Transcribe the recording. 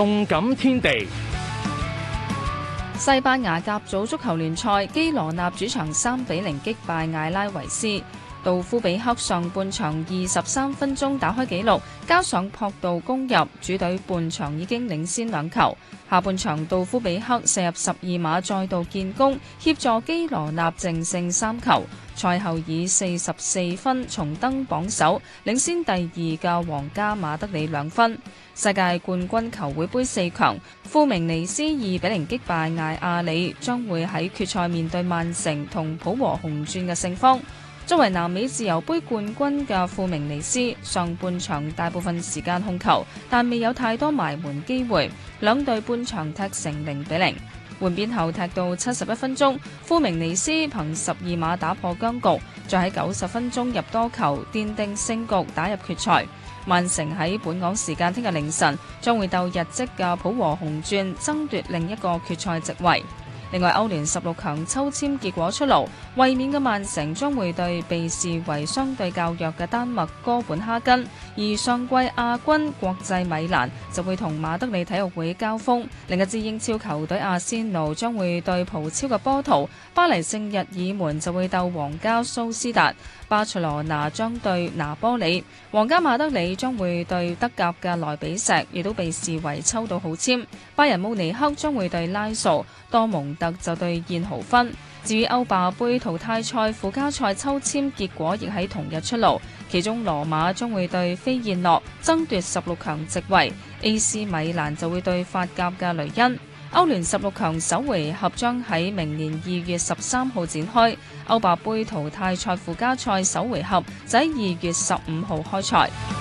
動感天地，西班牙甲組足球聯賽，基羅納主場三比零擊敗艾拉維斯，杜夫比克上半場二十三分鐘打開紀錄，加上撲道攻入，主隊半場已經領先兩球，下半場杜夫比克射入十二碼再度建功，協助基羅納淨勝三球。賽後以四十四分重登榜首，領先第二嘅皇家馬德里兩分。世界冠軍球會杯四強，富明尼斯二比零擊敗艾阿里，將會喺決賽面對曼城同浦和紅鑽嘅勝方。作為南美自由杯冠軍嘅富明尼斯，上半場大部分時間控球，但未有太多埋門機會。兩隊半場踢成零比零。換邊後踢到七十一分鐘，富明尼斯憑十二碼打破僵局，再喺九十分鐘入多球奠定勝局，打入決賽。曼城喺本港時間聽日凌晨將會鬥日職嘅浦和紅鑽，爭奪另一個決賽席位。另外，歐聯十六強抽籤結果出爐，衛冕嘅曼城將會對被視為相對較弱嘅丹麥哥本哈根，而上季亞軍國際米蘭就會同馬德里體育會交鋒。另一支英超球隊阿仙奴將會對葡超嘅波圖，巴黎聖日耳門就會鬥皇家蘇斯達，巴塞羅那將對拿波里，皇家馬德里將會對德甲嘅萊比錫，亦都被視為抽到好籤。拜仁慕尼黑將會對拉素，多蒙特就對燕豪芬，至於歐霸盃淘汰賽附加賽抽籤結果亦喺同日出爐，其中羅馬將會對飛燕諾爭奪十六強席位，AC 米蘭就會對法甲嘅雷恩。歐聯十六強首回合將喺明年二月十三號展開，歐霸盃淘汰賽附加賽首回合就喺二月十五號開賽。